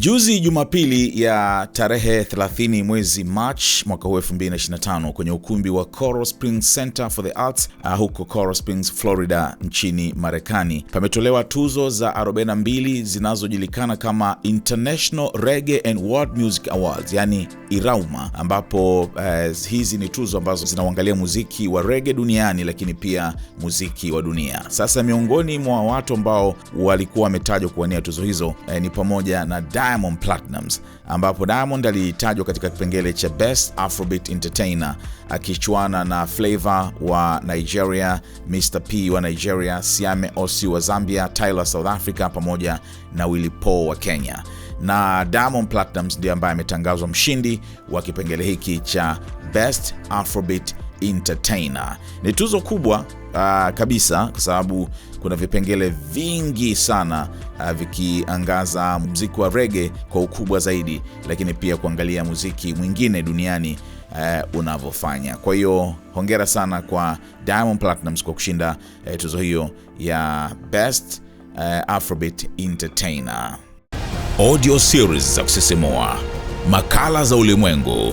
Juzi Jumapili ya tarehe 30 mwezi mach mwaka huu 2025 kwenye ukumbi wa Coral Springs Center for the Arts uh, huko Coral Springs, Florida nchini Marekani pametolewa tuzo za 42 zinazojulikana kama International Reggae and World Music Awards, yani IRAUMA, ambapo uh, hizi ni tuzo ambazo zinauangalia muziki wa reggae duniani, lakini pia muziki wa dunia. Sasa miongoni mwa watu ambao walikuwa wametajwa kuwania tuzo hizo uh, ni pamoja na Diamond Platinums, ambapo Diamond alitajwa katika kipengele cha Best Afrobeat Entertainer akichuana na Flavor wa Nigeria, Mr P wa Nigeria, Siame Osi wa Zambia, Tyler South Africa pamoja na Willy Paul wa Kenya na Diamond Platnumz ndiye ambaye ametangazwa mshindi wa kipengele hiki cha Best Afrobeat entertainer. Ni tuzo kubwa uh, kabisa kwa sababu kuna vipengele vingi sana uh, vikiangaza muziki wa rege kwa ukubwa zaidi, lakini pia kuangalia muziki mwingine duniani uh, unavyofanya. Kwa hiyo hongera sana kwa Diamond Platnumz kwa kushinda uh, tuzo hiyo ya best uh, Afrobeat entertainer. Audio series za kusisimua, makala za ulimwengu